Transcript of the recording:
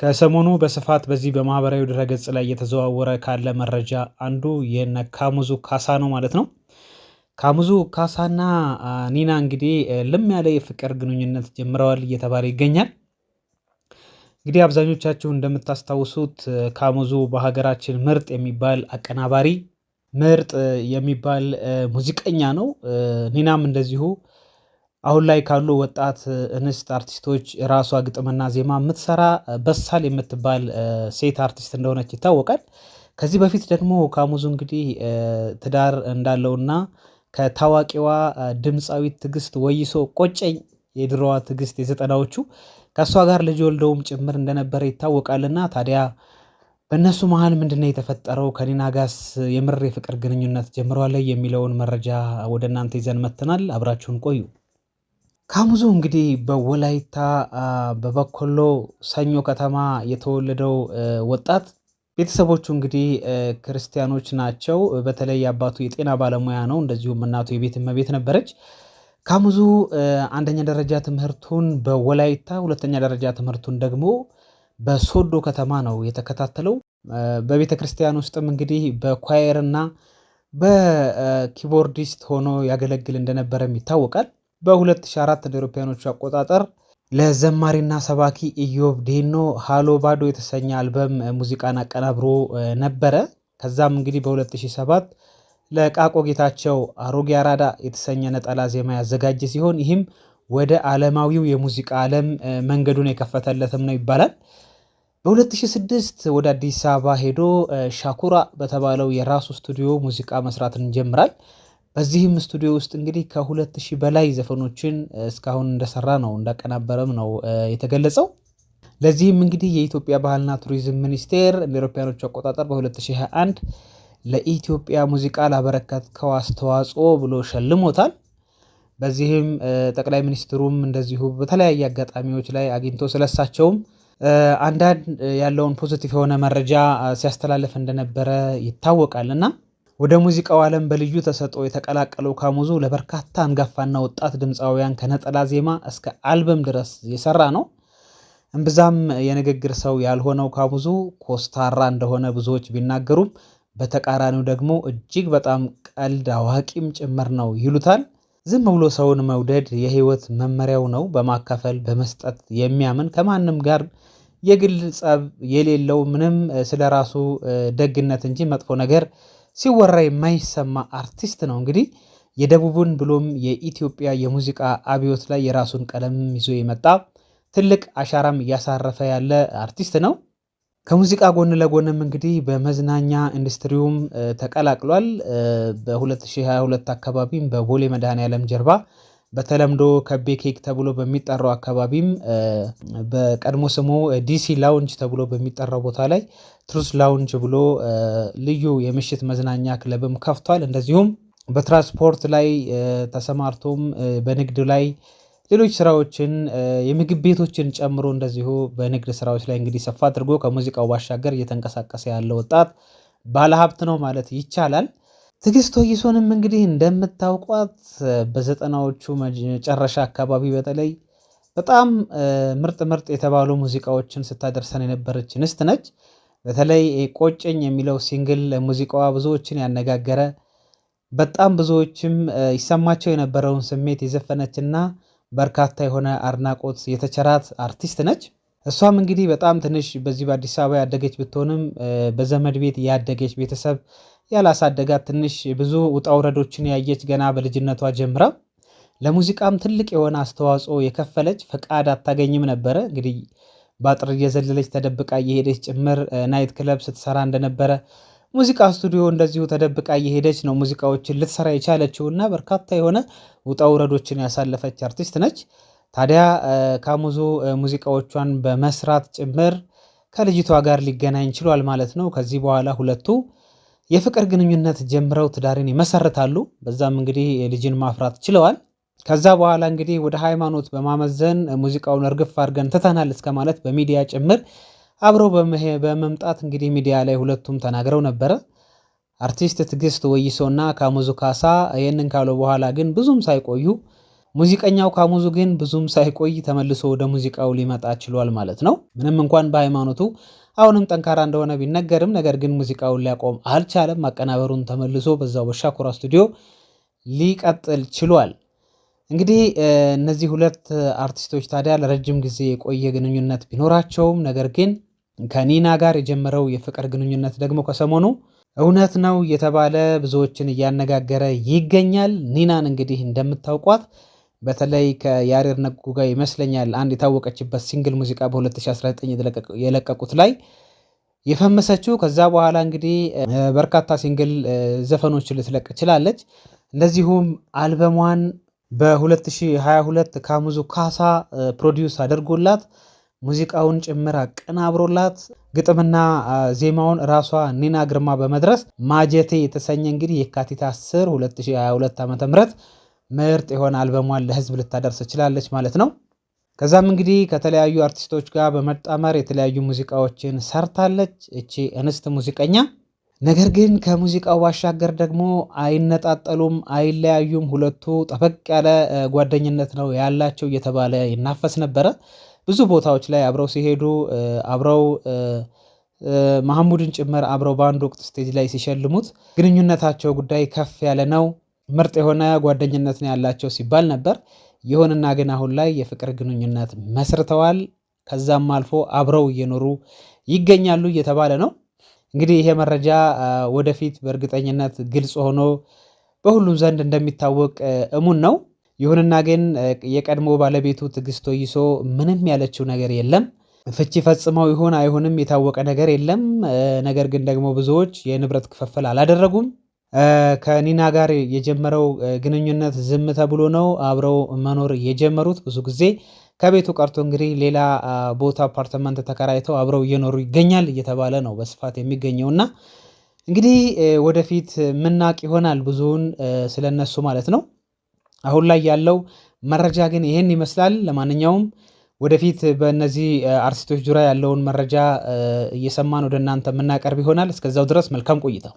ከሰሞኑ በስፋት በዚህ በማህበራዊ ድረገጽ ላይ እየተዘዋወረ ካለ መረጃ አንዱ የነ ካሙዙ ካሳ ነው ማለት ነው። ካሙዙ ካሳና ኒና እንግዲህ ልም ያለ የፍቅር ግንኙነት ጀምረዋል እየተባለ ይገኛል። እንግዲህ አብዛኞቻችሁ እንደምታስታውሱት ካሙዙ በሀገራችን ምርጥ የሚባል አቀናባሪ፣ ምርጥ የሚባል ሙዚቀኛ ነው። ኒናም እንደዚሁ አሁን ላይ ካሉ ወጣት እንስት አርቲስቶች ራሷ ግጥምና ዜማ የምትሰራ በሳል የምትባል ሴት አርቲስት እንደሆነች ይታወቃል። ከዚህ በፊት ደግሞ ካሙዙ እንግዲህ ትዳር እንዳለውና ከታዋቂዋ ድምፃዊት ትግስት ወይሶ ቆጨኝ የድሮዋ ትግስት የዘጠናዎቹ ከእሷ ጋር ልጅ ወልደውም ጭምር እንደነበረ ይታወቃልና ታዲያ በእነሱ መሀል ምንድነው የተፈጠረው? ከኔና ጋስ የምር የፍቅር ግንኙነት ጀምሯል የሚለውን መረጃ ወደ እናንተ ይዘን መጥተናል። አብራችሁን ቆዩ። ካሙዙ እንግዲህ በወላይታ በበኮሎ ሰኞ ከተማ የተወለደው ወጣት ቤተሰቦቹ እንግዲህ ክርስቲያኖች ናቸው። በተለይ አባቱ የጤና ባለሙያ ነው፣ እንደዚሁም እናቱ የቤት እመቤት ነበረች። ካሙዙ አንደኛ ደረጃ ትምህርቱን በወላይታ ሁለተኛ ደረጃ ትምህርቱን ደግሞ በሶዶ ከተማ ነው የተከታተለው። በቤተ ክርስቲያን ውስጥም እንግዲህ በኳየርና በኪቦርዲስት ሆኖ ያገለግል እንደነበረም ይታወቃል። በ2004 እንደ አውሮፓውያኖቹ አቆጣጠር ለዘማሪና ሰባኪ ኢዮብ ዴኖ ሃሎ ባዶ የተሰኘ አልበም ሙዚቃን አቀናብሮ ነበረ። ከዛም እንግዲህ በ2007 ለቃቆ ጌታቸው አሮጌ አራዳ የተሰኘ ነጠላ ዜማ ያዘጋጀ ሲሆን ይህም ወደ ዓለማዊው የሙዚቃ ዓለም መንገዱን የከፈተለትም ነው ይባላል። በ2006 ወደ አዲስ አበባ ሄዶ ሻኩራ በተባለው የራሱ ስቱዲዮ ሙዚቃ መስራትን ይጀምራል። በዚህም ስቱዲዮ ውስጥ እንግዲህ ከሁለት ሺህ በላይ ዘፈኖችን እስካሁን እንደሰራ ነው እንዳቀናበረም ነው የተገለጸው። ለዚህም እንግዲህ የኢትዮጵያ ባህልና ቱሪዝም ሚኒስቴር እንደ አውሮፓውያኖቹ አቆጣጠር በ2021 ለኢትዮጵያ ሙዚቃ ላበረከትከው አስተዋጽኦ ብሎ ሸልሞታል። በዚህም ጠቅላይ ሚኒስትሩም እንደዚሁ በተለያየ አጋጣሚዎች ላይ አግኝቶ ስለሳቸውም አንዳንድ ያለውን ፖዚቲቭ የሆነ መረጃ ሲያስተላለፍ እንደነበረ ይታወቃል እና ወደ ሙዚቃው ዓለም በልዩ ተሰጥኦ የተቀላቀለው ካሙዙ ለበርካታ አንጋፋና ወጣት ድምፃውያን ከነጠላ ዜማ እስከ አልበም ድረስ የሰራ ነው። እምብዛም የንግግር ሰው ያልሆነው ካሙዙ ኮስታራ እንደሆነ ብዙዎች ቢናገሩም በተቃራኒው ደግሞ እጅግ በጣም ቀልድ አዋቂም ጭምር ነው ይሉታል። ዝም ብሎ ሰውን መውደድ የህይወት መመሪያው ነው። በማካፈል በመስጠት የሚያምን ከማንም ጋር የግል ጸብ የሌለው ምንም ስለራሱ ደግነት እንጂ መጥፎ ነገር ሲወራ የማይሰማ አርቲስት ነው። እንግዲህ የደቡብን ብሎም የኢትዮጵያ የሙዚቃ አብዮት ላይ የራሱን ቀለም ይዞ የመጣ ትልቅ አሻራም እያሳረፈ ያለ አርቲስት ነው። ከሙዚቃ ጎን ለጎንም እንግዲህ በመዝናኛ ኢንዱስትሪውም ተቀላቅሏል። በ2022 አካባቢም በቦሌ መድኃኔ ዓለም ጀርባ በተለምዶ ከቤ ኬክ ተብሎ በሚጠራው አካባቢም በቀድሞ ስሙ ዲሲ ላውንጅ ተብሎ በሚጠራው ቦታ ላይ ትሩስ ላውንጅ ብሎ ልዩ የምሽት መዝናኛ ክለብም ከፍቷል። እንደዚሁም በትራንስፖርት ላይ ተሰማርቶም በንግድ ላይ ሌሎች ስራዎችን የምግብ ቤቶችን ጨምሮ እንደዚሁ በንግድ ስራዎች ላይ እንግዲህ ሰፋ አድርጎ ከሙዚቃው ባሻገር እየተንቀሳቀሰ ያለ ወጣት ባለሀብት ነው ማለት ይቻላል። ትዕግስት ወይሶንም እንግዲህ እንደምታውቋት በዘጠናዎቹ መጨረሻ አካባቢ በተለይ በጣም ምርጥ ምርጥ የተባሉ ሙዚቃዎችን ስታደርሰን የነበረች እንስት ነች። በተለይ ቆጨኝ የሚለው ሲንግል ሙዚቃዋ ብዙዎችን ያነጋገረ በጣም ብዙዎችም ይሰማቸው የነበረውን ስሜት የዘፈነች የዘፈነችና በርካታ የሆነ አድናቆት የተቸራት አርቲስት ነች። እሷም እንግዲህ በጣም ትንሽ በዚህ በአዲስ አበባ ያደገች ብትሆንም በዘመድ ቤት ያደገች ቤተሰብ ያላሳደጋት ትንሽ ብዙ ውጣ ውረዶችን ያየች ገና በልጅነቷ ጀምራ ለሙዚቃም ትልቅ የሆነ አስተዋጽኦ የከፈለች ፈቃድ አታገኝም ነበረ። እንግዲህ በአጥር እየዘለለች ተደብቃ እየሄደች ጭምር ናይት ክለብ ስትሰራ እንደነበረ ሙዚቃ ስቱዲዮ እንደዚሁ ተደብቃ እየሄደች ነው ሙዚቃዎችን ልትሰራ እና በርካታ የሆነ ውጣ ውረዶችን ያሳለፈች አርቲስት ነች። ታዲያ ካሙዙ ሙዚቃዎቿን በመስራት ጭምር ከልጅቷ ጋር ሊገናኝ ችሏል ማለት ነው። ከዚህ በኋላ ሁለቱ የፍቅር ግንኙነት ጀምረው ትዳርን ይመሰርታሉ። በዛም እንግዲህ ልጅን ማፍራት ችለዋል። ከዛ በኋላ እንግዲህ ወደ ሃይማኖት በማመዘን ሙዚቃውን እርግፍ አድርገን ትተናል እስከ ማለት በሚዲያ ጭምር አብረው በመምጣት እንግዲህ ሚዲያ ላይ ሁለቱም ተናግረው ነበረ። አርቲስት ትግስት ወይሶና ካሙዙ ካሳ ይህንን ካሉ በኋላ ግን ብዙም ሳይቆዩ ሙዚቀኛው ካሙዙ ግን ብዙም ሳይቆይ ተመልሶ ወደ ሙዚቃው ሊመጣ ችሏል ማለት ነው። ምንም እንኳን በሃይማኖቱ አሁንም ጠንካራ እንደሆነ ቢነገርም ነገር ግን ሙዚቃውን ሊያቆም አልቻለም። ማቀናበሩን ተመልሶ በዛው በሻኩራ ስቱዲዮ ሊቀጥል ችሏል። እንግዲህ እነዚህ ሁለት አርቲስቶች ታዲያ ለረጅም ጊዜ የቆየ ግንኙነት ቢኖራቸውም ነገር ግን ከኒና ጋር የጀመረው የፍቅር ግንኙነት ደግሞ ከሰሞኑ እውነት ነው እየተባለ ብዙዎችን እያነጋገረ ይገኛል። ኒናን እንግዲህ እንደምታውቋት በተለይ ከያሬር ነጉ ጋር ይመስለኛል አንድ የታወቀችበት ሲንግል ሙዚቃ በ2019 የለቀቁት ላይ የፈመሰችው። ከዛ በኋላ እንግዲህ በርካታ ሲንግል ዘፈኖች ልትለቅ ችላለች። እንደዚሁም አልበሟን በ2022 ካሙዙ ካሳ ፕሮዲውስ አድርጎላት ሙዚቃውን ጭምር አቀናብሮላት ግጥምና ዜማውን ራሷ ኒና ግርማ በመድረስ ማጀቴ የተሰኘ እንግዲህ የካቲት 10 2022 ዓ ም ምርጥ የሆነ አልበሟን ለህዝብ ልታደርስ ትችላለች ማለት ነው። ከዛም እንግዲህ ከተለያዩ አርቲስቶች ጋር በመጣመር የተለያዩ ሙዚቃዎችን ሰርታለች እቺ እንስት ሙዚቀኛ። ነገር ግን ከሙዚቃው ባሻገር ደግሞ አይነጣጠሉም፣ አይለያዩም፣ ሁለቱ ጠበቅ ያለ ጓደኝነት ነው ያላቸው እየተባለ ይናፈስ ነበረ። ብዙ ቦታዎች ላይ አብረው ሲሄዱ አብረው መሐሙድን ጭምር አብረው በአንድ ወቅት ስቴጅ ላይ ሲሸልሙት ግንኙነታቸው ጉዳይ ከፍ ያለ ነው ምርጥ የሆነ ጓደኝነት ነው ያላቸው ሲባል ነበር። ይሁንና ግን አሁን ላይ የፍቅር ግንኙነት መስርተዋል። ከዛም አልፎ አብረው እየኖሩ ይገኛሉ እየተባለ ነው። እንግዲህ ይሄ መረጃ ወደፊት በእርግጠኝነት ግልጽ ሆኖ በሁሉም ዘንድ እንደሚታወቅ እሙን ነው። ይሁንና ግን የቀድሞ ባለቤቱ ትዕግስት ወይሶ ምንም ያለችው ነገር የለም። ፍቺ ፈጽመው ይሁን አይሁንም የታወቀ ነገር የለም። ነገር ግን ደግሞ ብዙዎች የንብረት ክፍፍል አላደረጉም። ከኒና ጋር የጀመረው ግንኙነት ዝም ተብሎ ነው አብረው መኖር የጀመሩት። ብዙ ጊዜ ከቤቱ ቀርቶ እንግዲህ ሌላ ቦታ አፓርትመንት ተከራይተው አብረው እየኖሩ ይገኛል እየተባለ ነው በስፋት የሚገኘው እና እንግዲህ ወደፊት ምናቅ ይሆናል ብዙውን ስለነሱ ማለት ነው። አሁን ላይ ያለው መረጃ ግን ይህን ይመስላል። ለማንኛውም ወደፊት በእነዚህ አርቲስቶች ዙሪያ ያለውን መረጃ እየሰማን ወደ እናንተ የምናቀርብ ይሆናል። እስከዛው ድረስ መልካም ቆይታው።